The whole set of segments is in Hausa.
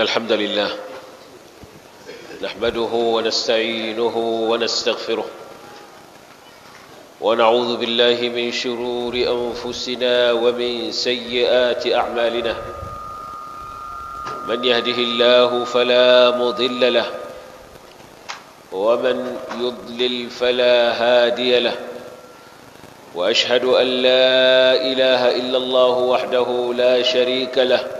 إن الحمد لله نحمده ونستعينه ونستغفره ونعوذ بالله من شرور أنفسنا ومن سيئات أعمالنا من يهده الله فلا مضل له ومن يضلل فلا هادي له وأشهد أن لا إله إلا الله وحده لا شريك له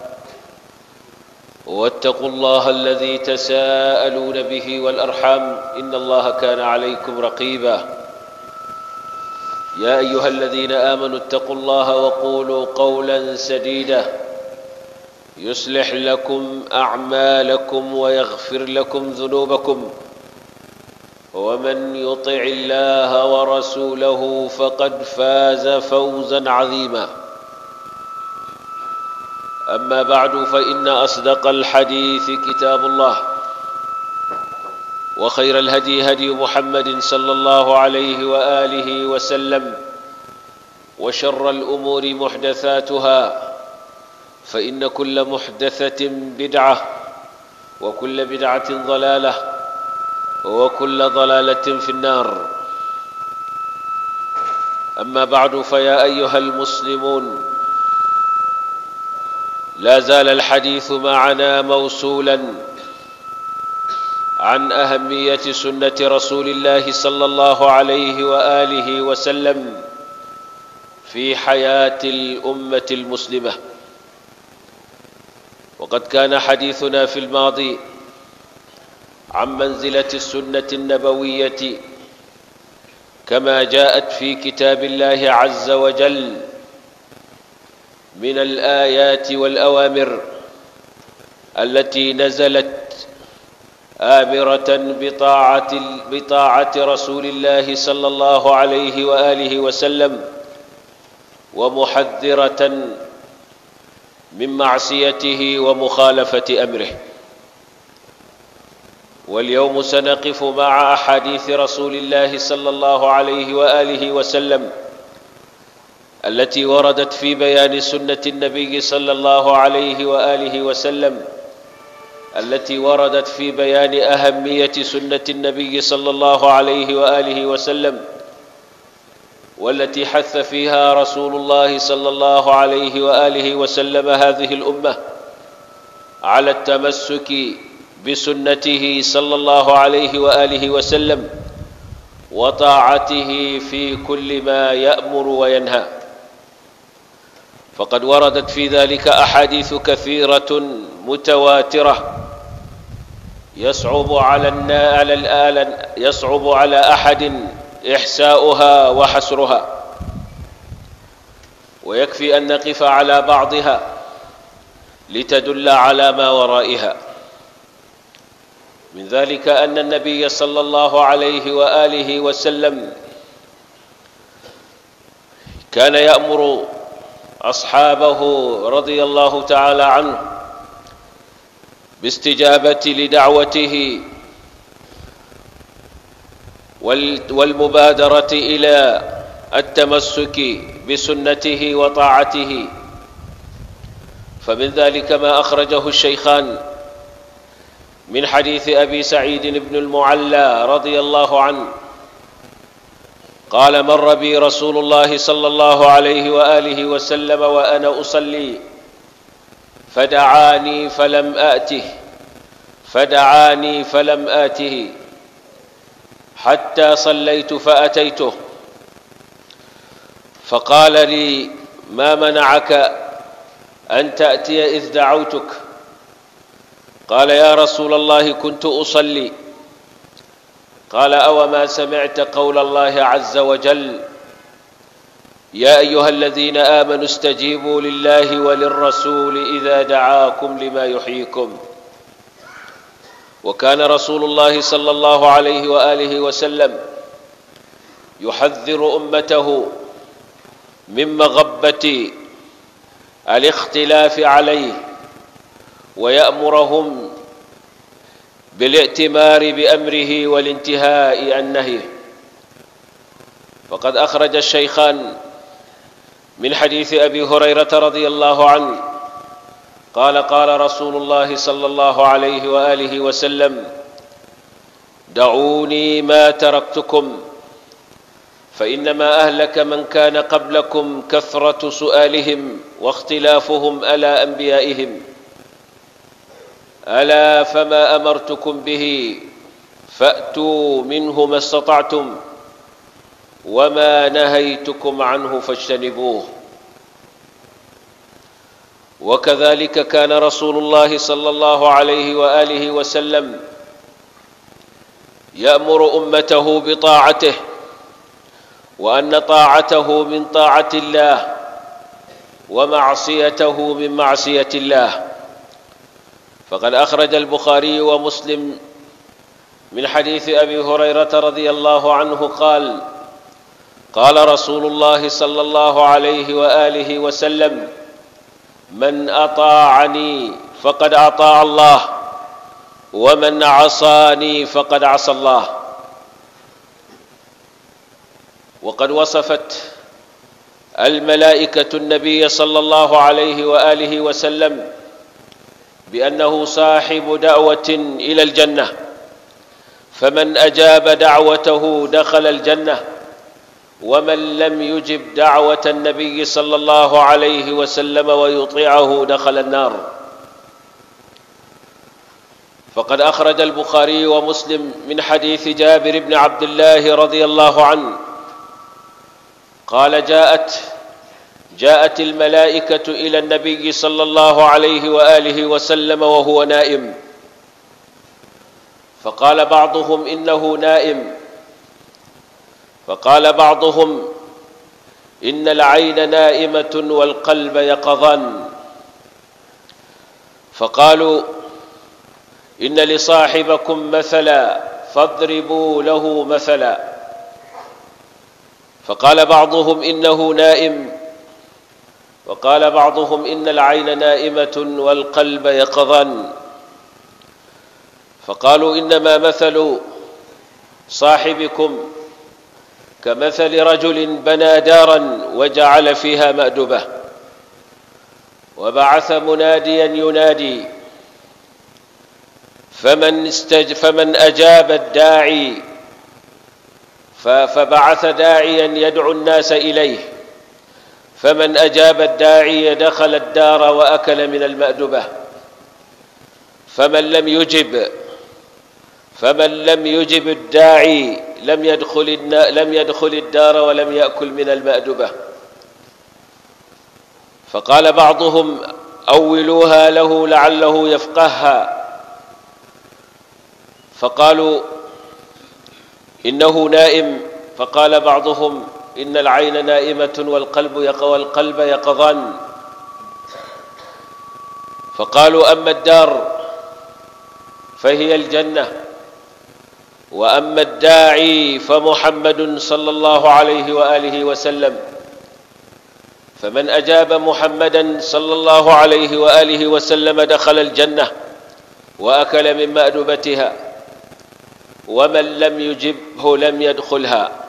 واتقوا الله الذي تساءلون به والارحام ان الله كان عليكم رقيبا يا ايها الذين امنوا اتقوا الله وقولوا قولا سديدا يصلح لكم اعمالكم ويغفر لكم ذنوبكم ومن يطع الله ورسوله فقد فاز فوزا عظيما أما بعد فإن أصدق الحديث كتاب الله وخير الهدي هدي محمد صلى الله عليه وآله وسلم وشر الأمور محدثاتها فإن كل محدثة بدعة وكل بدعة ضلالة وكل ضلالة في النار أما بعد فيا أيها المسلمون لا زال الحديث معنا موصولا عن اهميه سنه رسول الله صلى الله عليه واله وسلم في حياه الامه المسلمه وقد كان حديثنا في الماضي عن منزله السنه النبويه كما جاءت في كتاب الله عز وجل من الآيات والأوامر التي نزلت آمرة بطاعة, بطاعة رسول الله صلى الله عليه وآله وسلم ومحذرة من معصيته ومخالفة أمره واليوم سنقف مع أحاديث رسول الله صلى الله عليه وآله وسلم التي وردت في بيان سنة النبي صلى الله عليه وآله وسلم التي وردت في بيان أهمية سنة النبي صلى الله عليه وآله وسلم والتي حث فيها رسول الله صلى الله عليه وآله وسلم هذه الأمة على التمسك بسنته صلى الله عليه وآله وسلم وطاعته في كل ما يأمر وينهى فقد وردت في ذلك أحاديث كثيرة متواترة يصعب على على يصعب على أحد إحساؤها وحصرها ويكفي أن نقف على بعضها لتدل على ما ورائها من ذلك أن النبي صلى الله عليه وآله وسلم كان يأمر أصحابه رضي الله تعالى عنه باستجابة لدعوته والمبادرة إلى التمسك بسنته وطاعته فمن ذلك ما أخرجه الشيخان من حديث أبي سعيد بن المعلى رضي الله عنه قال مر بي رسول الله صلى الله عليه واله وسلم وانا اصلي فدعاني فلم اته فدعاني فلم اته حتى صليت فاتيته فقال لي ما منعك ان تاتي اذ دعوتك قال يا رسول الله كنت اصلي قال أوما سمعت قول الله عز وجل يا أيها الذين آمنوا استجيبوا لله وللرسول إذا دعاكم لما يحييكم وكان رسول الله صلى الله عليه وآله وسلم يحذر أمته من مغبة الاختلاف عليه ويأمرهم بالاعتمار بأمره والانتهاء عن نهيه وقد أخرج الشيخان من حديث أبي هريرة رضي الله عنه قال قال رسول الله صلى الله عليه وآله وسلم دعوني ما تركتكم فإنما أهلك من كان قبلكم كثرة سؤالهم واختلافهم على أنبيائهم ألا فما أمرتكم به فأتوا منه ما استطعتم وما نهيتكم عنه فاجتنبوه وكذلك كان رسول الله صلى الله عليه وآله وسلم يأمر أمته بطاعته وأن طاعته من طاعة الله ومعصيته من معصية الله فقد أخرج البخاري ومسلم من حديث أبي هريرة رضي الله عنه قال قال رسول الله صلى الله عليه وآله وسلم من أطاعني فقد أطاع الله ومن عصاني فقد عصى الله وقد وصفت الملائكة النبي صلى الله عليه وآله وسلم بأنه صاحب دعوة إلى الجنة فمن أجاب دعوته دخل الجنة ومن لم يجب دعوة النبي صلى الله عليه وسلم ويطيعه دخل النار فقد أخرج البخاري ومسلم من حديث جابر بن عبد الله رضي الله عنه قال جاءت جاءت الملائكة إلى النبي صلى الله عليه وآله وسلم وهو نائم فقال بعضهم إنه نائم فقال بعضهم إن العين نائمة والقلب يقظان فقالوا إن لصاحبكم مثلا فاضربوا له مثلا فقال بعضهم إنه نائم وقال بعضهم إن العين نائمة والقلب يقظا فقالوا إنما مثل صاحبكم كمثل رجل بنى دارا وجعل فيها مأدبة وبعث مناديا ينادي فمن, استج فمن أجاب الداعي فبعث داعيا يدعو الناس إليه فمن أجاب الداعي دخل الدار وأكل من المأدبة فمن لم يجب فمن لم يجب الداعي لم يدخل لم يدخل الدار ولم يأكل من المأدبة فقال بعضهم أولوها له لعله يفقهها فقالوا إنه نائم فقال بعضهم إن العين نائمة والقلب يقوى القلب يقظان فقالوا أما الدار فهي الجنة وأما الداعي فمحمد صلى الله عليه وآله وسلم فمن أجاب محمدا صلى الله عليه وآله وسلم دخل الجنة وأكل من مأدبتها ومن لم يجبه لم يدخلها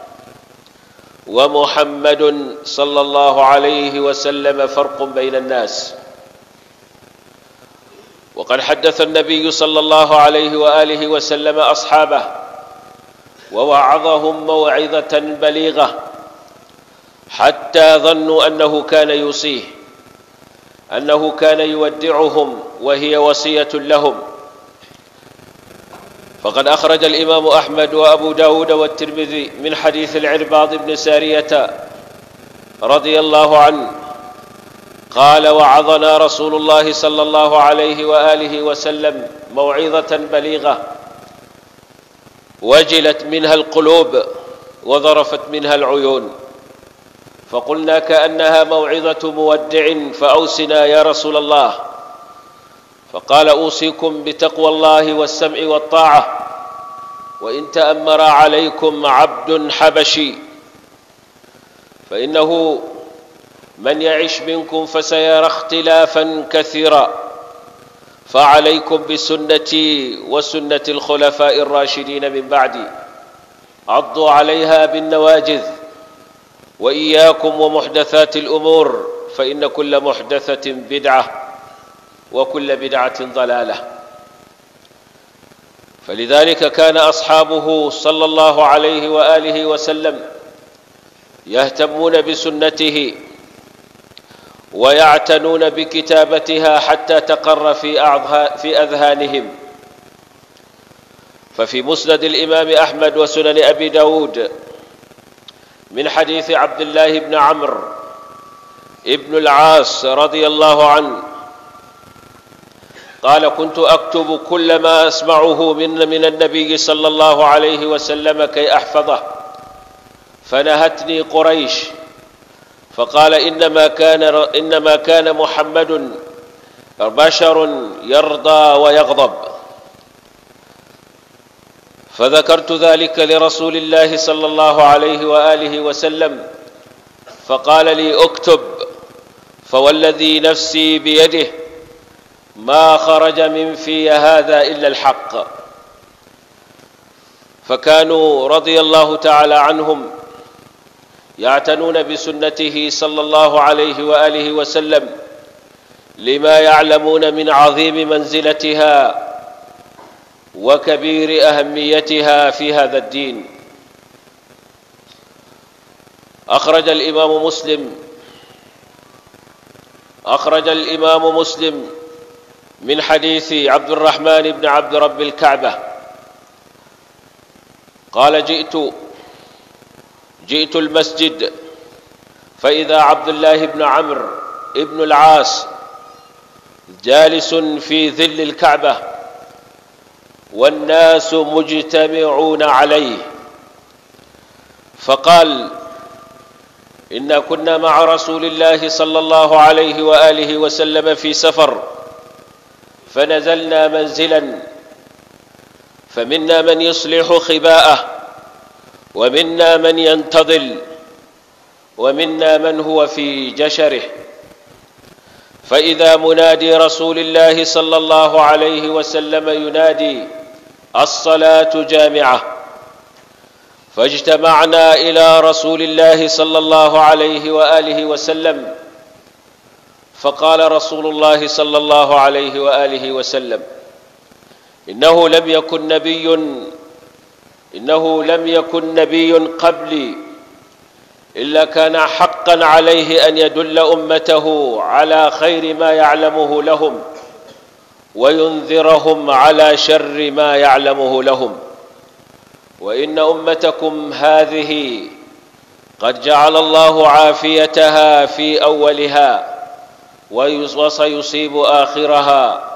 ومحمد صلى الله عليه وسلم فرق بين الناس وقد حدث النبي صلى الله عليه واله وسلم اصحابه ووعظهم موعظه بليغه حتى ظنوا انه كان يوصيه انه كان يودعهم وهي وصيه لهم فقد أخرج الإمام أحمد وأبو داود والترمذي من حديث العرباض بن سارية رضي الله عنه قال وعظنا رسول الله صلى الله عليه وآله وسلم موعظة بليغة وجلت منها القلوب وظرفت منها العيون فقلنا كأنها موعظة مودع فأوسنا يا رسول الله فقال اوصيكم بتقوى الله والسمع والطاعه وان تامر عليكم عبد حبشي فانه من يعش منكم فسيرى اختلافا كثيرا فعليكم بسنتي وسنه الخلفاء الراشدين من بعدي عضوا عليها بالنواجذ واياكم ومحدثات الامور فان كل محدثه بدعه وكل بدعة ضلالة فلذلك كان أصحابه صلى الله عليه وآله وسلم يهتمون بسنته ويعتنون بكتابتها حتى تقر في, في أذهانهم ففي مسند الإمام أحمد وسنن أبي داود من حديث عبد الله بن عمرو ابن العاص رضي الله عنه قال كنت اكتب كل ما اسمعه من من النبي صلى الله عليه وسلم كي احفظه فنهتني قريش فقال انما كان انما كان محمد بشر يرضى ويغضب فذكرت ذلك لرسول الله صلى الله عليه واله وسلم فقال لي اكتب فوالذي نفسي بيده ما خرج من في هذا إلا الحق فكانوا رضي الله تعالى عنهم يعتنون بسنته صلى الله عليه وآله وسلم لما يعلمون من عظيم منزلتها وكبير أهميتها في هذا الدين أخرج الإمام مسلم أخرج الإمام مسلم من حديث عبد الرحمن بن عبد رب الكعبة قال جئت جئت المسجد فإذا عبد الله بن عمرو ابن العاص جالس في ظل الكعبة والناس مجتمعون عليه فقال إنا كنا مع رسول الله صلى الله عليه وآله وسلم في سفر فنزلنا منزلا فمنا من يصلح خباءه ومنا من ينتظل ومنا من هو في جشره فإذا منادي رسول الله صلى الله عليه وسلم ينادي الصلاة جامعة فاجتمعنا إلى رسول الله صلى الله عليه وآله وسلم فقال رسول الله صلى الله عليه واله وسلم انه لم يكن نبي انه لم يكن نبي قبلي الا كان حقا عليه ان يدل امته على خير ما يعلمه لهم وينذرهم على شر ما يعلمه لهم وان امتكم هذه قد جعل الله عافيتها في اولها وسيصيب آخرها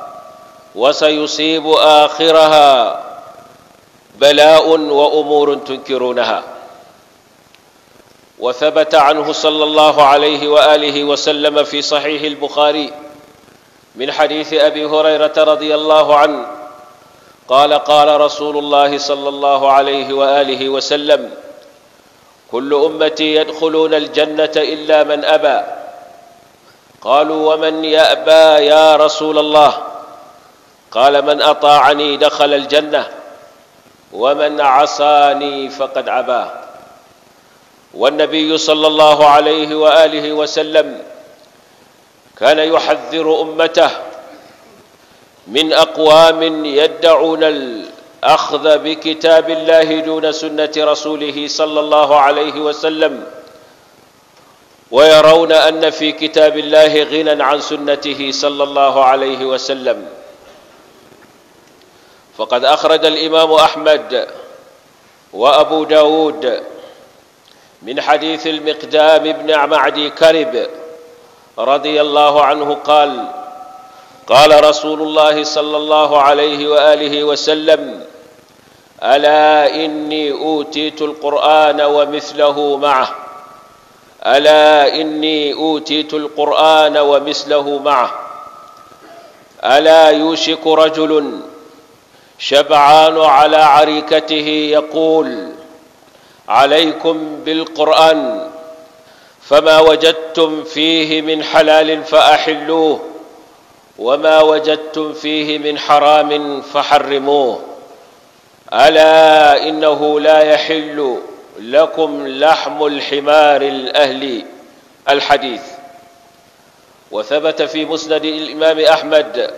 وسيصيب آخرها بلاء وأمور تنكرونها وثبت عنه صلى الله عليه وآله وسلم في صحيح البخاري من حديث أبي هريرة رضي الله عنه قال قال رسول الله صلى الله عليه وآله وسلم كل أمتي يدخلون الجنة إلا من أبى قالوا ومن يأبى يا رسول الله قال من أطاعني دخل الجنة ومن عصاني فقد عباه والنبي صلى الله عليه وآله وسلم كان يحذر أمته من أقوام يدعون الأخذ بكتاب الله دون سنة رسوله صلى الله عليه وسلم ويرون ان في كتاب الله غنى عن سنته صلى الله عليه وسلم فقد اخرج الامام احمد وابو داود من حديث المقدام بن معدي كرب رضي الله عنه قال قال رسول الله صلى الله عليه واله وسلم الا اني اوتيت القران ومثله معه ألا إني أوتيت القرآن ومثله معه ألا يوشك رجل شبعان على عريكته يقول عليكم بالقرآن فما وجدتم فيه من حلال فأحلوه وما وجدتم فيه من حرام فحرموه ألا إنه لا يحل لكم لحم الحمار الأهلي الحديث وثبت في مسند الإمام أحمد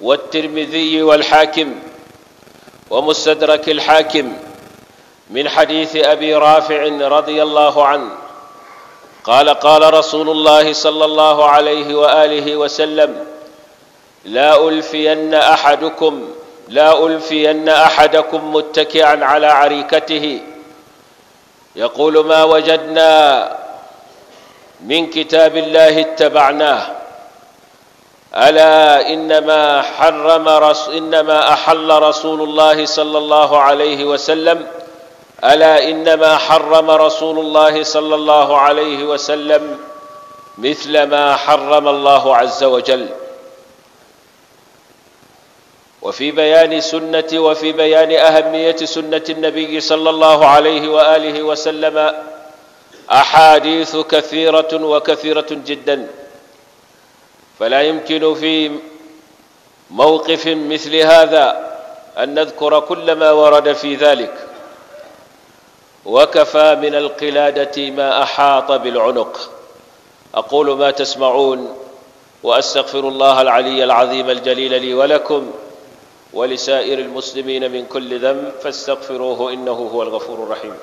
والترمذي والحاكم ومستدرك الحاكم من حديث أبي رافع رضي الله عنه قال قال رسول الله صلى الله عليه وآله وسلم لا ألفين أحدكم لا ألفين أحدكم متكئا على عريكته يقول ما وجدنا من كتاب الله اتبعناه ألا إنما حرم رس إنما أحل رسول الله صلى الله عليه وسلم ألا إنما حرم رسول الله صلى الله عليه وسلم مثل ما حرم الله عز وجل وفي بيان سنة وفي بيان أهمية سنة النبي صلى الله عليه وآله وسلم أحاديث كثيرة وكثيرة جدا فلا يمكن في موقف مثل هذا أن نذكر كل ما ورد في ذلك وكفى من القلادة ما أحاط بالعنق أقول ما تسمعون وأستغفر الله العلي العظيم الجليل لي ولكم ولسائر المسلمين من كل ذنب فاستغفروه إنه هو الغفور الرحيم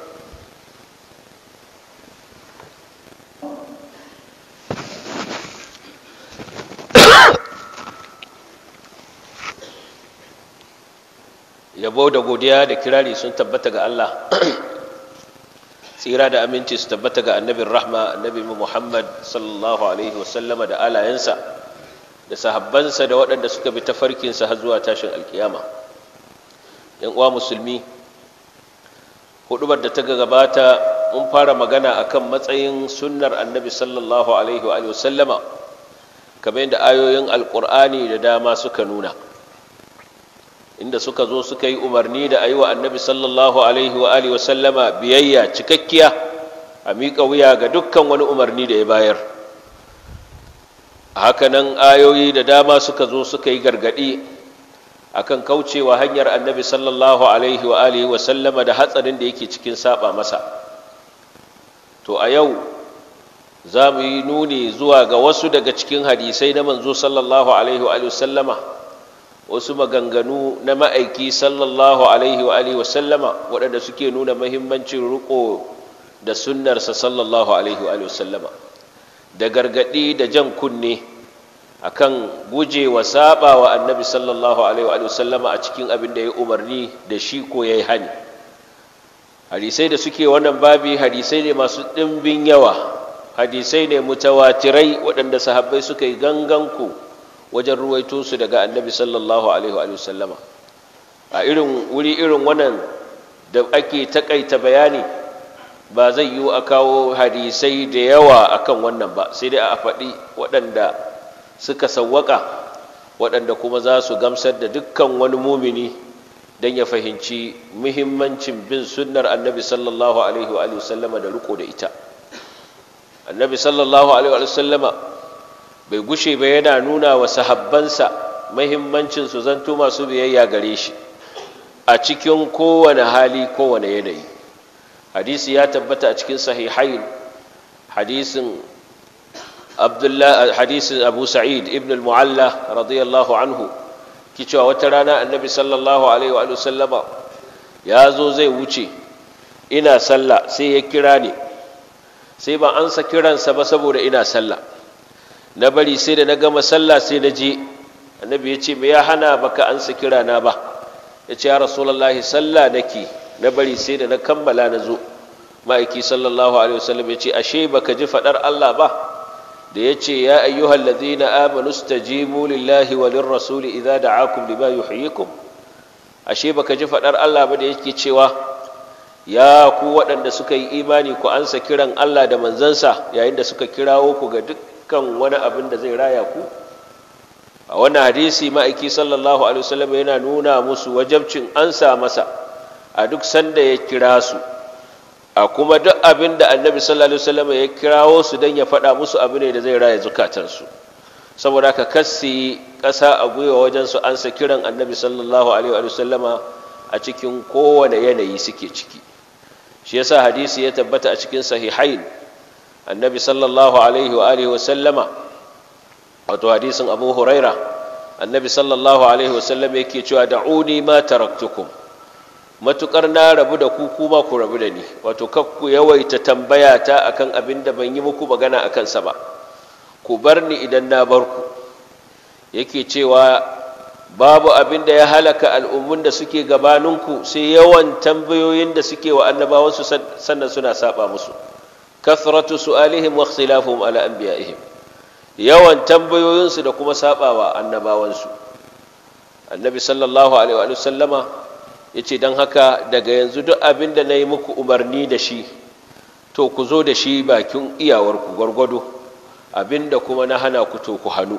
yabo da godiya da kirari sun tabbata ga Allah tsira da aminci su tabbata ga annabin rahma annabi muhammad sallallahu alaihi wasallama da alayensa da sahabbansa da waɗanda suka bi ta sa har zuwa tashin alkiyama yan uwa musulmi hudubar da ta gabata mun fara magana akan matsayin sunnar annabi sallallahu alaihi wa sallama kamar yadda ayoyin alkur'ani da dama suka nuna inda suka zo suka yi umarni da yi wa annabi sallallahu alaihi wa alihi biyayya cikakkiya a miƙa wuya ga dukkan wani umarni da ya bayar hakanan ayoyi da dama suka zo suka yi gargadi akan kaucewa hanyar annabi sallallahu alaihi wa alihi wa sallama da hatsarin da yake cikin saba masa to a yau za mu yi nuni zuwa ga wasu daga cikin hadisai na manzo sallallahu alaihi wa sallama wasu maganganu na ma'aiki sallallahu alaihi wa alihi wa sallama waɗanda suke nuna mahimmancin riko da sunnarsa sallallahu alaihi wa sallama da gargadi da jan kunne akan guje wa saba wa annabi sallallahu alaihi wa sallama a cikin abin da ya umarni da shi ko ya yi hani hadisai da suke wannan babi hadisai ne masu ɗimbin yawa hadisai ne mutawatirai waɗanda sahabbai suka yi gangan ku wajen ruwaito su daga annabi sallallahu alaihi wa sallama a irin wuri irin wannan da ake takaita bayani ba zai yiwu a kawo hadisai da yawa akan wannan ba sai dai a faɗi waɗanda suka sawwaka waɗanda kuma za su gamsar da dukkan wani mumini don ya fahimci muhimmancin bin sunnar annabi sallallahu alaihi wa da riko da ita annabi sallallahu alaihi wa bai gushe ba yana nuna wa sahabbansa muhimmancin su zanto masu biyayya gare shi a cikin kowane hali kowane yanayi hadisi ya tabbata a cikin sahihain hadisin hadisin abu sa'id ibn al-mu'alla radiyallahu anhu ki cewa wata rana annabi sallallahu alaihi wa sallama ya zo zai wuce ina sallah sai ya kira ni sai ba an sa kiransa ba saboda ina sallah na bari sai da na gama sallah sai na je annabi ya ce me ya hana baka an sa na ba ya ce ya rasulullahi sallah nake na bari sai da na kammala na zo ma'aiki sallallahu alaihi wasallam ya ce ashe baka ji faɗar Allah ba da ya ce ya ayyuhal ladina amanu stajibu lillahi wa lirrasuli idza da'akum lima yuhyikum ashe baka ji faɗar Allah ba da yake cewa ya ku waɗanda suka yi imani ku ansa kiran Allah da manzansa yayin da suka kirawo ku ga dukkan wani abin da zai raya ku a wani hadisi ma'aiki sallallahu alaihi wasallam yana nuna musu wajabcin ansa masa a duk sanda ya kira su a kuma duk abin da annabi sallallahu alaihi wasallam ya kirawo su don ya faɗa musu abu ne da zai raya zukatansu saboda ka kasi ƙasa a gwiwa wajen su ansa kiran annabi sallallahu alaihi wasallama a cikin kowane yanayi suke ciki shi yasa hadisi ya tabbata a cikin sahihain annabi sallallahu alaihi wa alihi wasallama wato hadisin abu huraira annabi sallallahu alaihi wasallama yake cewa da'uni ma taraktukum matukar na rabu da ku kuma ku rabu da ni wato kakku yawaita tambaya ta akan abin da ban yi muku magana a kansa ba ku bar ni idan na bar ku yake cewa babu abin da ya halaka al'ummun da suke gabaninku sai yawan tambayoyin da suke wa annabawansu sannan suna saba musu kathratu su'alihim wa ikhtilafuhum ala anbiya'ihim yawan tambayoyinsu da kuma saba wa annabawansu annabi sallallahu alaihi wa sallama ya ce don haka daga yanzu duk abin da na yi muku umarni da shi to ku zo da shi bakin iyawarku gwargwado abin da kuma na hana ku to ku hannu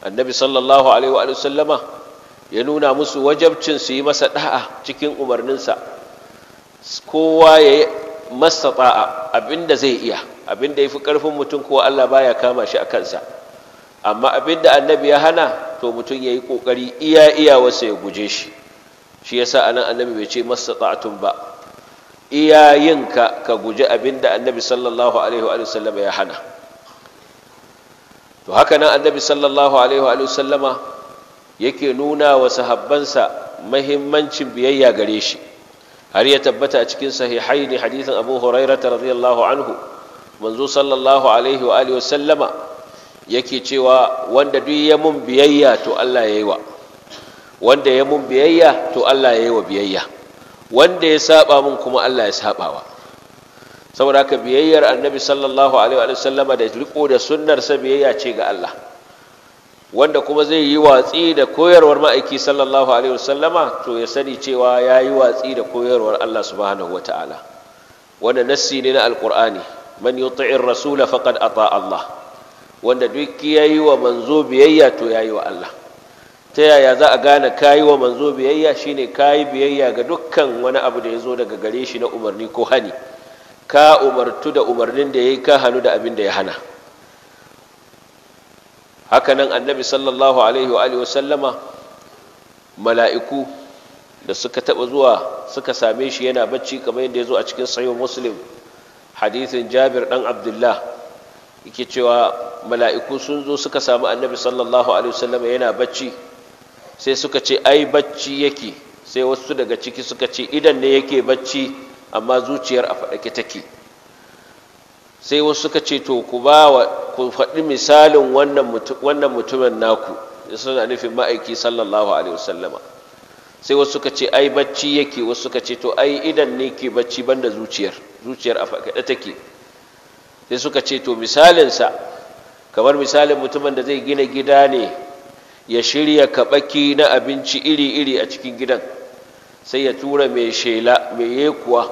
annabi sallallahu alaihi wa sallama ya nuna musu wajabcin su yi masa da'a cikin umarninsa kowa ya yi masa ta'a abin da zai iya abin da ya fi ƙarfin mutum kowa allah baya kama shi a kansa amma abin da annabi ya hana to mutum ya yi ƙoƙari iya iya wasa ya guje shi shi yasa anan annabi bai ce mastata'tum ba iyayenka ka guji abinda annabi sallallahu alaihi wa sallama ya hana to haka nan annabi sallallahu alaihi wa sallama yake nuna wa sahabbansa mahimmancin biyayya gare shi har ya tabbata a cikin sahihai ne hadithin abu hurairata radiyallahu anhu manzo sallallahu alaihi wa sallama, yake cewa wanda duk ya mun biyayya to Allah ya yi wa wanda ya mun biyayya to Allah ya yi wa biyayya wanda ya saba mun kuma Allah ya wa saboda haka biyayyar annabi sallallahu alaihi wa sallama da riko da sunnar sa biyayya ce ga Allah wanda kuma zai yi watsi da koyarwar ma'aiki sallallahu alaihi wa sallama to ya sani cewa ya yi watsi da koyarwar Allah subhanahu wa ta'ala wanda nassi ne na alqur'ani man yuti'ir rasula faqad ata Allah wanda duk yayi wa manzo biyayya to yayi wa Allah ta yaya za a gane kayi wa manzo biyayya shine kayi biyayya ga dukkan wani abu da ya zo daga gare shi na umarni ko hani ka umartu da umarnin da ya yi ka hannu da abin da ya hana hakanan annabi sallallahu alaihi wa alihi wasallama mala'iku da suka taɓa zuwa suka same shi yana bacci kamar yadda ya zo a cikin sayo muslim hadithin jabir ɗan abdullah yake cewa mala'iku sun zo suka samu annabi sallallahu alaihi wasallama yana bacci sai suka ce ai bacci yake sai wasu daga ciki suka ce idan ne yake bacci amma zuciyar a faɗake take sai wasu suka ce to ku ba wa ku faɗi misalin wannan mutumin naku suna nufin ma'aiki sallallahu alaihi wasallama sai wasu suka ce ai bacci yake wasu suka ce to ai idan ne ke bacci banda zuciyar zuciyar a faɗaɗe take sai suka ce to misalinsa kamar misalin mutumin da zai gina gida ne ya shirya kaɓaki na abinci iri-iri a cikin gidan sai ya tura mai shela mai yekuwa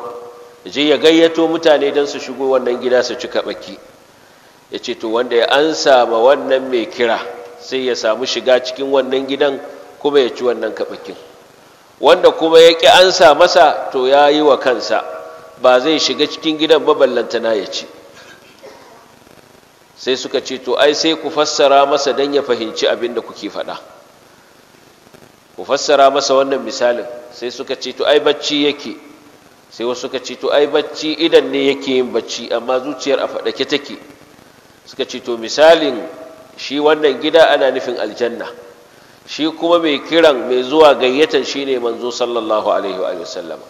je ya gayyato mutane don su shigo wannan gida su ci kaɓaki ya ce to wanda ya an sama wannan mai kira sai ya samu shiga cikin wannan gidan kuma ya ci wannan kaɓakin wanda kuma ya ƙi an sa masa to ya yi wa kansa ba zai shiga cikin gidan ballantana ya ci sai suka ce to ai sai ku fassara masa don ya fahimci abin da kuke faɗa ku fassara masa wannan misalin sai suka ce to ai bacci yake sai wasu suka ce to ai bacci idan ne yake yin bacci amma zuciyar a faɗake take suka ce to misalin shi wannan gida ana nufin aljanna shi kuma mai kiran mai zuwa gayyatan shine manzo sallallahu alaihi wa sallam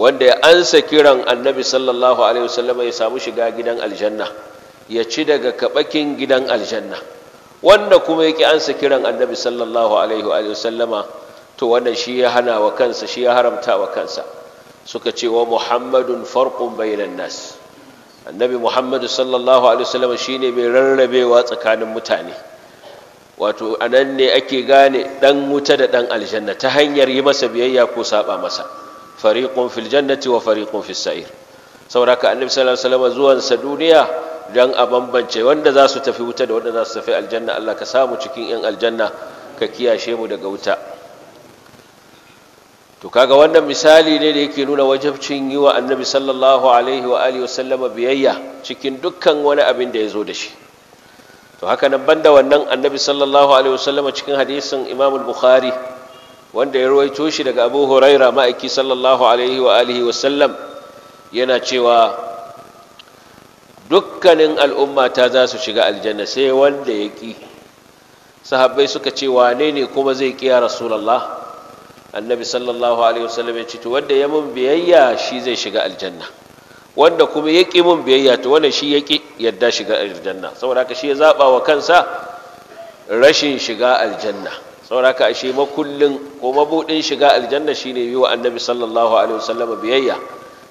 wanda ya ansa kiran annabi sallallahu alaihi wa sallam ya samu shiga gidan aljanna ya ci daga kaɓakin gidan aljanna wanda kuma yake ansa kiran annabi sallallahu alaihi wa sallama to wannan shi ya hana wa kansa shi ya haramta wa kansa suka ce wa muhammadun farqun bainan nas annabi muhammadu sallallahu alaihi wa sallama shine mai rarrabewa tsakanin mutane wato anan ne ake gane dan wuta da dan aljanna ta hanyar yi masa biyayya ko saba masa fariqun fil jannati wa fariqun fis sa'ir saboda haka annabi sallallahu alaihi wa sallama zuwansa duniya don a bambance wanda za su tafi wuta da wanda za su tafi aljanna Allah ka samu cikin 'yan aljanna ka kiyashe mu daga wuta to kaga wannan misali ne da yake nuna wajabcin yi wa annabi sallallahu alaihi wa alihi wasallama biyayya cikin dukkan wani abin da ya zo da shi to haka nan banda wannan annabi sallallahu alaihi wasallama cikin hadisin imam al-bukhari wanda ya rawaito shi daga abu huraira ma'aiki sallallahu alaihi wa alihi wasallam yana cewa dukkanin al'umma ta za su shiga aljanna sai wanda ya ƙi sahabbai suka ce wane ne kuma zai ƙiya rasulallah annabi sallallahu alaihi wasallam ya ce to wanda ya mun biyayya shi zai shiga aljanna wanda kuma ya ƙi mun biyayya to wanda shi ya ƙi yadda shiga aljanna saboda haka shi ya zaɓa wa kansa rashin shiga aljanna saboda haka ashe makullin ko mabuɗin shiga aljanna shine yi wa annabi sallallahu alaihi wasallam biyayya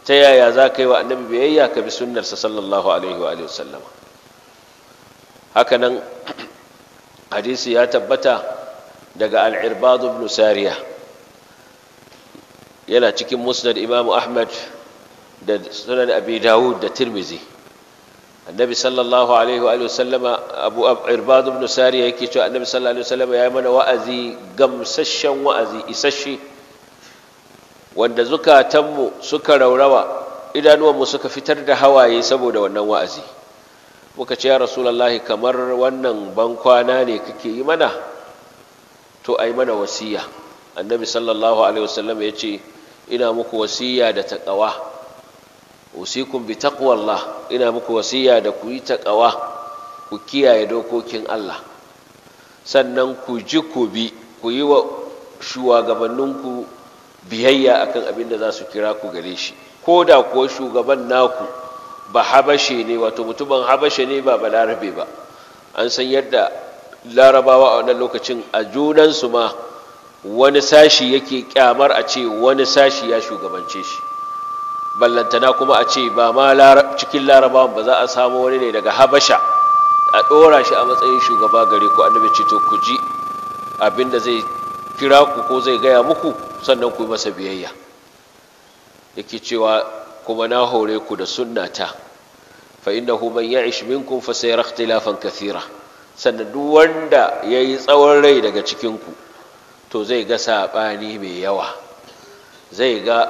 ta yaya za ka yi wa annabi biyayya ka bi sunnarsa sallallahu alaihi wa sallam hakanan hadisi ya tabbata daga al'irbad ibn sariya yana cikin musnad imamu ahmad da sunan abi dawud da tirmizi annabi sallallahu alaihi wa sallama abu irbad ibn sariya yake cewa annabi sallallahu alaihi wa sallama ya yi mana wa'azi gamsashen wa'azi isasshe wanda zukatanmu suka raurawa idanuwanmu suka fitar da hawaye saboda wannan wa'azi muka ce ya rasulallahi kamar wannan bankwana ne kake yi mana to yi mana wasiya annabi sallallahu alaihi wasallam ya ce ina muku wasiya da taƙawa usikum bi taqwallah ina muku wasiya da ku yi taƙawa ku kiyaye dokokin Allah sannan ku ji ku bi ku yi wa shugabanninku biyayya akan abin da za su kira ku gare shi ko da kuwa shugaban naku ba habashe ne wato mutumin habashe ne ba balarabe ba an san yadda larabawa a wannan lokacin a junansu ma wani sashi yake kyamar a ce wani sashi ya shugabance shi ballantana kuma a ce ba ma cikin larabawan ba za a samu wani ne daga habasha a ɗora shi a matsayin shugaba gare ku annabi ce to ku ji abinda zai kira ku ko zai gaya muku sannan ku yi masa biyayya yake cewa kuma na hore ku da sunnata fa hu man ya'ish minkum fa sayara ikhtilafan kathira sannan duk wanda yayi tsawon rai daga cikin ku to zai ga sabani mai yawa zai ga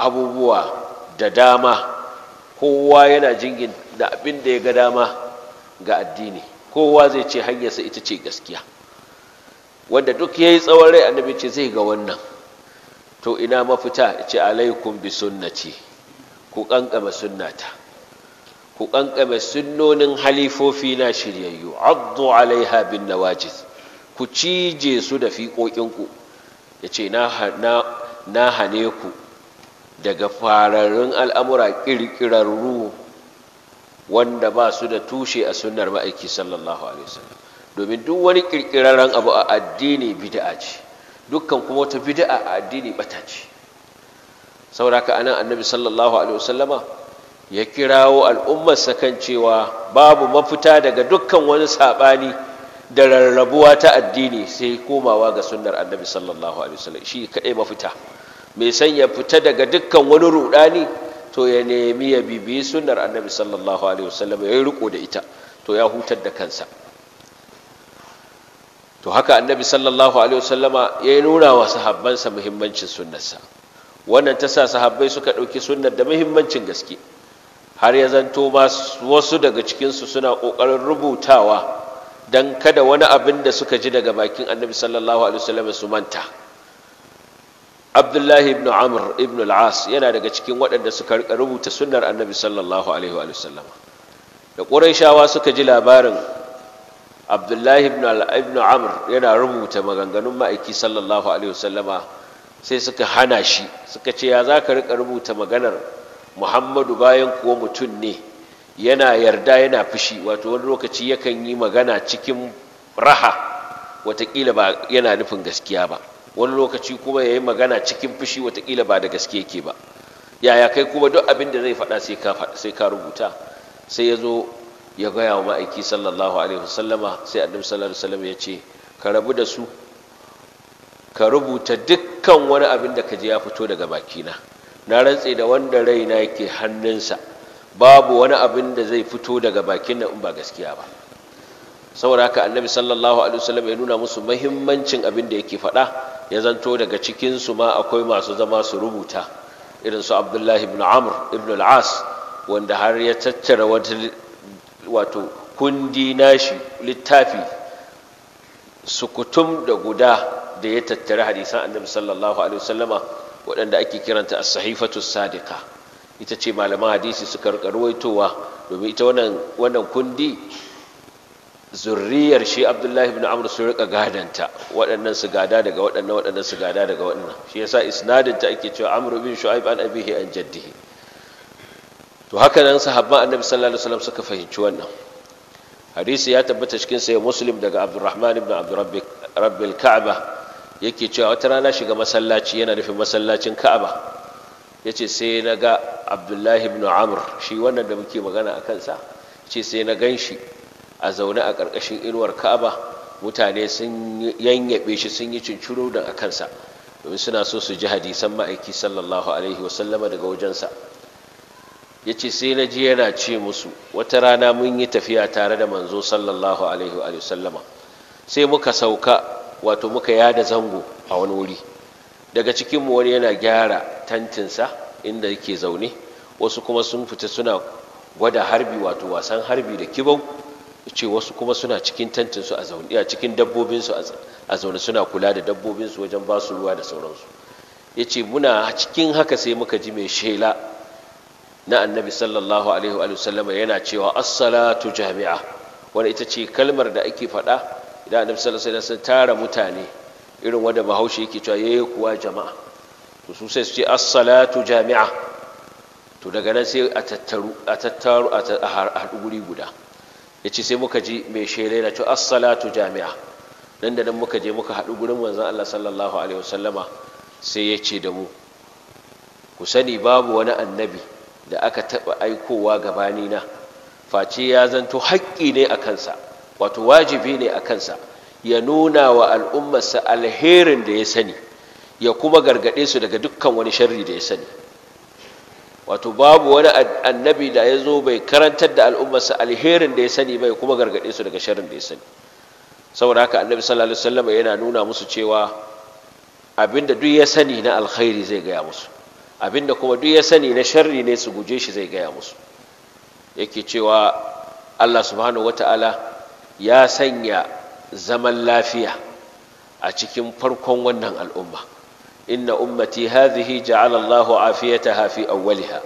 abubuwa da dama kowa yana jingin da abin da ya ga dama ga addini kowa zai ce hanyarsa ita ce gaskiya wanda duk yayi tsawon rai annabi ce zai ga wannan to ina mafita ce alaikum bi sunnati ku kankama sunnata ku kankama sunnonin halifofi na shiryayyu addu alaiha bin nawajiz ku cije su da fiƙoƙinku yace yace na hane ku daga fararrun al'amura ƙirƙirarru wanda ba su da tushe a sunnar ma'aiki sallallahu alaihi wasallam domin duk wani ƙirƙirarren abu a addini bid'a ce dukkan kuma wata bid'a a addini bata ce sauraka anan annabi sallallahu alaihi wasallama ya kirawo al'ummarsa kan cewa babu mafita daga dukkan wani saɓani da rarrabuwa ta addini sai komawa ga sunnar annabi sallallahu alaihi wasallam shi kaɗai mafita mai san ya fita daga dukkan wani ruɗani to ya nemi ya bibiyi sunnar annabi sallallahu alaihi wasallam ya yi riko da ita to ya hutar da kansa to haka annabi sallallahu alaihi wasallama ya nuna wa sahabbansa muhimmancin sunnarsa wannan ta sa sahabbai suka ɗauki sunnar da muhimmancin gaske har ya zanto ma wasu daga cikinsu suna ƙoƙarin rubutawa don kada wani abin da suka ji daga bakin annabi sallallahu alaihi wasallama su manta abdullahi ibn amr ibn al-as yana daga cikin waɗanda suka rubuta sunnar annabi sallallahu alaihi wasallama da ƙurayshawa suka ji labarin abdullahi ibn amr yana rubuta maganganun ma'aiki sallallahu alaihi wasallama sai suka hana shi suka ce ya za ka rika rubuta maganar muhammadu bayan kuwa mutum ne yana yarda yana fushi wato wani lokaci yakan yi magana cikin raha watakila ba yana nufin gaskiya ba wani lokaci kuma ya yi magana cikin fushi watakila ba da gaske yake ba yaya kai kuma duk abin da zai faɗa sai ka rubuta sai ya zo ya gaya wa ma'aiki sallallahu alaihi wasallama sai annabi sallallahu alaihi wasallam ya ce ka rabu da su ka rubuta dukkan wani abin da ka je ya fito daga bakina na rantse da wanda raina yake hannunsa babu wani abin da zai fito daga bakin nan in ba gaskiya ba saboda haka annabi sallallahu alaihi wasallam ya nuna musu muhimmancin abin da yake faɗa ya zanto daga cikin su ma akwai masu zama su rubuta irin su Abdullahi ibn Amr ibn al-As wanda har ya tattara wata wato kundi nashi littafi sukutum da guda da ya tattara hadisan annabi sallallahu alaihi wasallama waɗanda ake kiranta as-sahifatu sadiqa ita ce malaman hadisi suka ruwaitowa domin ita wannan wannan kundi zurriyar shi abdullahi ibn amr sun rika gadanta waɗannan su gada daga waɗannan waɗannan su gada daga waɗannan shi yasa isnadin ta ake cewa amr bin shu'aib an abihi an jaddihi to haka nan sahabban annabi sallallahu alaihi wasallam suka fahimci wannan hadisi ya tabbata cikin sai muslim daga abdurrahman ibn rabbil ka'aba yake cewa wata rana shiga masallaci yana nufin masallacin ka'aba yace sai na ga abdullahi ibn amr shi wannan da muke magana a kansa ce sai na ganshi, a zaune a ƙarƙashin inuwar ka'aba mutane sun yanyabe shi sun yi cincuro da a kansa domin suna so su ji hadisan ma'aiki sallallahu alaihi wasallama daga wajensa ya ce sai na ji yana ce musu wata rana mun yi tafiya tare da manzo sallallahu alaihi wa sallama sai muka sauka wato muka yada zango a wani wuri daga cikinmu wani yana gyara tantinsa inda yake zaune wasu kuma sun fita suna gwada harbi wato wasan harbi da kibau ce wasu kuma suna cikin tantinsu a zaune a cikin dabbobinsu a zaune suna kula da dabbobinsu wajen ba su ruwa da sauransu ya ce muna cikin haka sai muka ji mai shela na annabi sallallahu alaihi wa sallama yana cewa as jami'a Wani ita ce kalmar da ake faɗa idan annabi sallallahu alaihi wasallam tara mutane irin wanda bahaushe yake cewa yayi kuwa jama'a to su sai su ce as jami'a to daga nan sai a tattaru a tattaru a haɗu guri guda yace sai muka ji mai shere na cewa as jami'a nan da nan muka je muka haɗu gurin manzon Allah sallallahu alaihi wa sallama sai ya ce da mu ku sani babu wani annabi da aka taɓa aikowa gabanina face ya zanto haƙƙi ne a kansa wato wajibi ne a kansa ya nuna wa al'ummarsa alherin da ya sani ya kuma gargaɗe su daga dukkan wani sharri da ya sani wato babu wani annabi da ya zo bai karantar da al'ummarsa alherin da ya sani bai kuma gargaɗe su daga sharrin da ya sani saboda haka annabi sallallahu alaihi wasallam yana nuna musu cewa abinda duk ya sani na alkhairi zai gaya musu abinda kuma duk ya sani na sharri ne su guje shi zai gaya musu yake cewa Allah subhanahu wata'ala ya sanya zaman lafiya a cikin farkon wannan al'umma inna ummati hadhihi ja'ala Allahu afiyataha fi awwaliha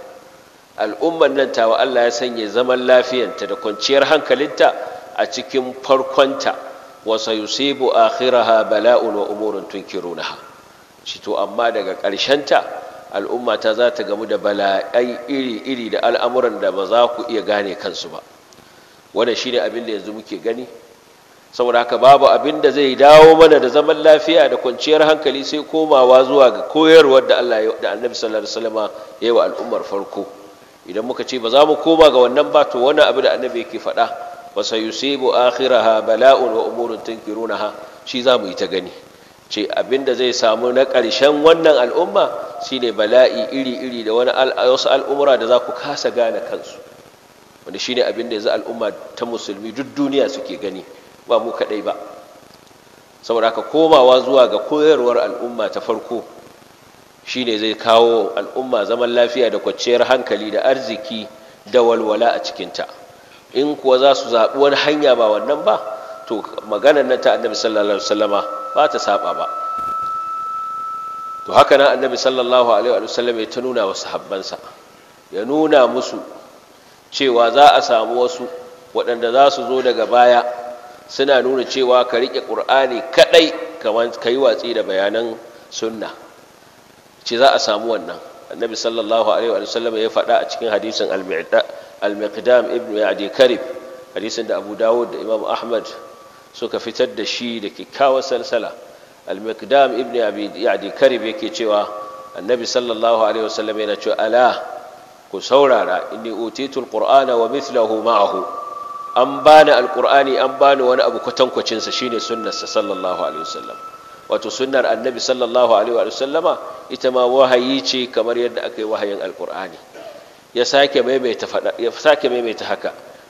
al'umman nan tawa Allah ya sanya zaman lafiyanta da kwanciyar hankalinta a cikin farkonta wa sayusibu akhiraha bala'un wa umurun tunkirunaha shi to amma daga ƙarshenta al'umma ta za ta gamu da bala'ai iri-iri da al'amuran da ba za ku iya gane kansu ba wannan shine ne abin da yanzu muke gani saboda haka babu abin da zai dawo mana da zaman lafiya da kwanciyar hankali sai komawa zuwa ga koyarwar da Allah da Annabi sallallahu alaihi wasallama yayi wa al'ummar farko idan muka ce ba za mu koma ga wannan ba to wani abu da Annabi yake faɗa wa sayusibu akhiraha bala'un wa umurun tunkirunaha shi za mu yi ta gani ce abinda zai samu na ƙarshen wannan al'umma shine bala'i iri-iri da wani wasu al'umura da za ku kasa gane kansu wanda shine abinda yanzu al'umma ta musulmi duk duniya suke gani ba mu kaɗai ba saboda haka komawa zuwa ga koyarwar al'umma ta farko shine zai kawo al'umma zaman lafiya da kwanciyar hankali da arziki da walwala a cikinta in kuwa za su zaɓi wani hanya ba wannan ba to maganar nan ta annabi sallallahu alaihi ba ta saba ba to haka nan annabi sallallahu alaihi wasallam ya ta nuna wa sahabbansa ya nuna musu cewa za a samu wasu waɗanda za su zo daga baya suna nuna cewa ka riƙe ƙur'ani kaɗai ka yi watsi da bayanan sunna ce za a samu wannan annabi sallallahu alaihi sallam ya faɗa a cikin hadisin al-miqdam ibn ya'di karib hadisin da abu dawud da imam ahmad suka fitar da shi da kyakkyawar salsala al-miqdam ibn abi ya'di karib yake cewa annabi sallallahu alaihi wasallam yana cewa ala ku saurara inni utitul qur'ana wa mithluhu ma'ahu an bani alqur'ani an bani wani abu kwatankwacin sa shine sunnarsa sallallahu alaihi wasallam wato sunnar annabi sallallahu alaihi wa wasallama ita ma wahayi ce kamar yadda aka yi wahayin alqur'ani ya sake maimaita ya sake maimaita haka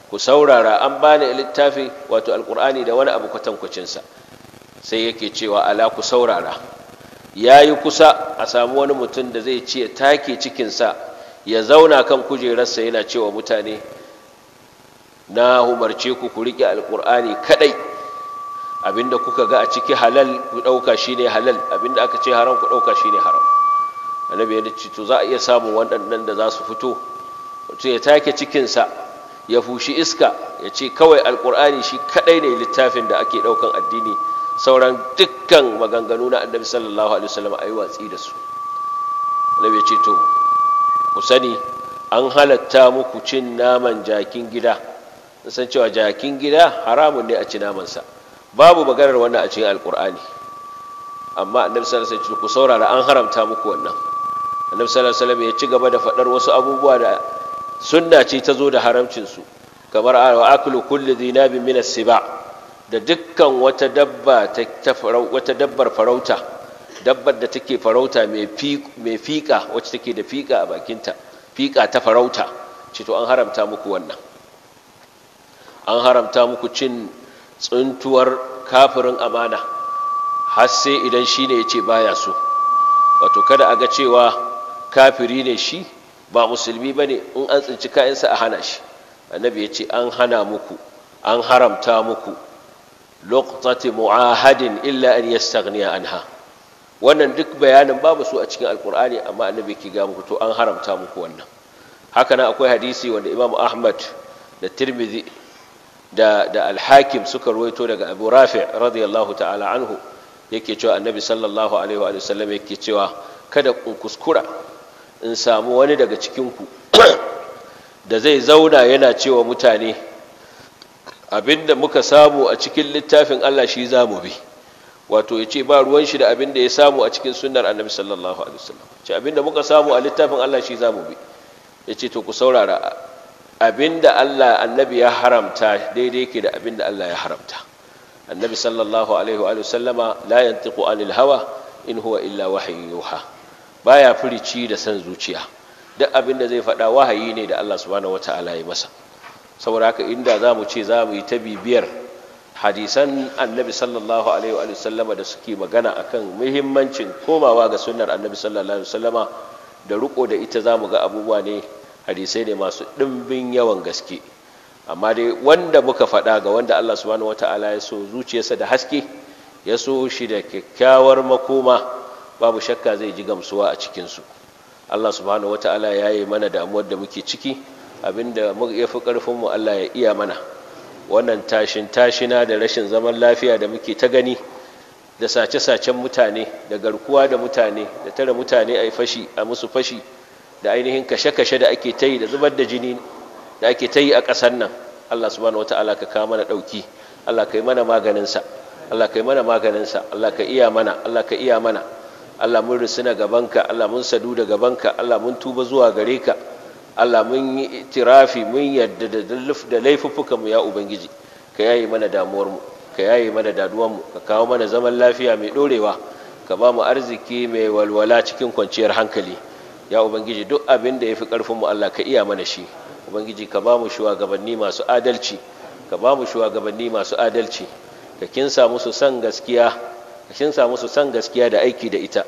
ku saurara an bani littafi wato alkur'ani da wani abu kwatan kwatankwacinsa sai yake cewa ala ku saurara ya yi kusa a samu wani mutum da zai ce take cikinsa ya zauna kan kujerarsa yana cewa mutane na umarce ku ku riƙe alkur'ani kaɗai abinda kuka ga a ciki halal ku ɗauka ne halal abinda aka ce haram ku ɗauka ne haram annabi ya ce to za a iya samun waɗannan da za su fito mutum ya take cikinsa ya fushi iska ya ce kawai alkur'ani shi kadai ne littafin da ake daukan addini sauran dukkan maganganu na annabi sallallahu alaihi wasallam ayi watsi da su annabi ya ce to ku sani an halatta muku cin naman jakin gida san cewa jakin gida haramun ne a ci namansa babu maganar wannan a cikin alkur'ani amma annabi sallallahu alaihi wasallam ku saurara an haramta muku wannan annabi sallallahu alaihi wasallam ya ci gaba da faɗar wasu abubuwa da sunna ce ta zo da haramcinsu kamar wa akulu kulli zinabin min siba da dukkan wata dabba ta wata dabbar farauta dabbar da take farauta mai fiƙa wacce take da fiƙa a bakinta fiƙa ta farauta ce to an haramta muku wannan an haramta muku cin tsuntuwar kafirin amana har sai idan shi ne ya ce baya so wato kada a ga cewa kafiri ne shi ba musulmi ba ne in an tsinci kayansa a hana shi annabi ya ce an hana muku an haramta muku luqtati mu'ahadin illa an yastaghniya anha wannan duk bayanin babu su a cikin alkur'ani amma annabi ke ga muku to an haramta muku wannan haka nan akwai hadisi wanda imamu ahmad da tirmidhi da da alhakim suka ruwaito daga abu rafi radiyallahu ta'ala anhu yake cewa annabi sallallahu alaihi wa sallam yake cewa kada ku kuskura in samu wani daga cikinku da zai zauna yana cewa mutane abinda muka samu a cikin littafin Allah shi za mu bi wato ya ce ba ruwan shi da abinda ya samu a cikin sunar annabi sallallahu alaihi wasallam ce abinda muka samu a littafin Allah shi za mu bi ya ce to ku saurara abinda Allah annabi ya haramta daidai ke da abinda Allah ya haramta annabi sallallahu alaihi wa sallama la yantiqu anil hawa in huwa illa wahyin yuha baya furici da san zuciya duk abin da zai faɗa wahayi ne da Allah subhanahu wata'ala ya masa saboda haka inda zamu ce za yi ta bibiyar hadisan annabi sallallahu alaihi wa sallama da suke magana akan muhimmancin komawa ga sunnar annabi sallallahu alaihi wa sallama da riko da ita zamu ga abubuwa ne hadisai ne masu ɗimbin yawan gaske amma dai wanda muka faɗa ga wanda Allah subhanahu wata'ala ya so zuciyarsa da haske ya so shi da kyakkyawar makoma babu shakka zai ji gamsuwa a cikinsu allah subhanahu wata'ala ya yi mana damuwar da muke ciki abinda ya fi ƙarfinmu allah ya iya mana wannan tashin tashina da rashin zaman lafiya da muke ta gani da sace-sacen mutane da garkuwa da mutane da tare mutane a fashi a musu fashi da ainihin kashe-kashe da ake ta yi da zubar da jini da ake ta yi a ƙasar nan allah subhanahu wata'ala ka kawo mana ɗauki allah ka yi mana maganinsa allah ka yi mana maganinsa allah ka iya mana allah ka iya mana Allah mun risina gabanka Allah mun sadu da gabanka Allah mun tuba zuwa gare ka Allah mun yi itirafi mun yadda da mu. ya ubangiji ka yayi mana mu ka yayi mana mu ka kawo mana zaman lafiya mai ɗorewa ka ba mu arziki mai walwala cikin kwanciyar hankali ya ubangiji duk abin da ya fi mu Allah ka iya mana shi ubangiji ka ba mu shugabanni masu adalci ka ba mu shugabanni masu adalci ka sa musu san gaskiya kin samu su san gaskiya da aiki da ita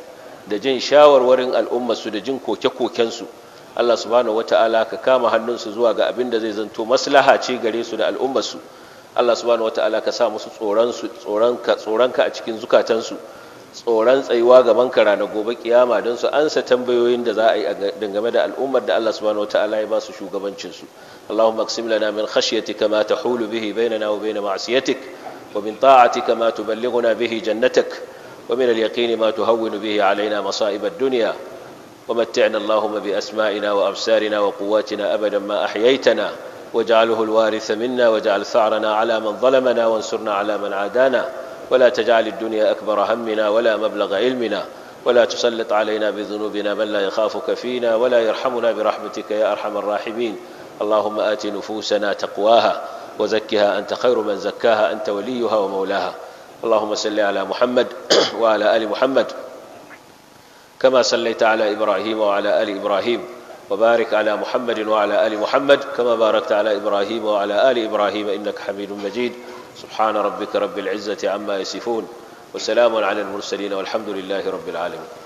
da jin shawarwarin al'ummarsu da jin koke-kokensu Allah subhanahu wata'ala ka kama hannun su zuwa ga abin da zai zanto maslaha ce gare su da al'ummarsu Allah subhanahu wata'ala ka sa musu tsoronka a cikin zukatansu tsoron tsayuwa ga banka rana gobe kiyama don su ansa tambayoyin da za a yi dangane da al'ummar da Allah subhanahu wata'ala ya ba su shugabancinsu Allahumma aqsim lana min khashyatika ma tahulu bihi bainana wa bain ma'siyatik ومن طاعتك ما تبلغنا به جنتك ومن اليقين ما تهون به علينا مصائب الدنيا ومتعنا اللهم بأسمائنا وأبصارنا وقواتنا أبدا ما أحييتنا واجعله الوارث منا واجعل ثأرنا على من ظلمنا وانصرنا على من عادانا ولا تجعل الدنيا أكبر همنا ولا مبلغ علمنا ولا تسلط علينا بذنوبنا من لا يخافك فينا ولا يرحمنا برحمتك يا أرحم الراحمين اللهم آت نفوسنا تقواها وزكها أنت خير من زكاها أنت وليها ومولاها اللهم صل على محمد وعلى آل محمد كما صليت على إبراهيم وعلى آل إبراهيم وبارك على محمد وعلى آل محمد كما باركت على إبراهيم وعلى آل إبراهيم إنك حميد مجيد سبحان ربك رب العزة عما يصفون وسلام على المرسلين والحمد لله رب العالمين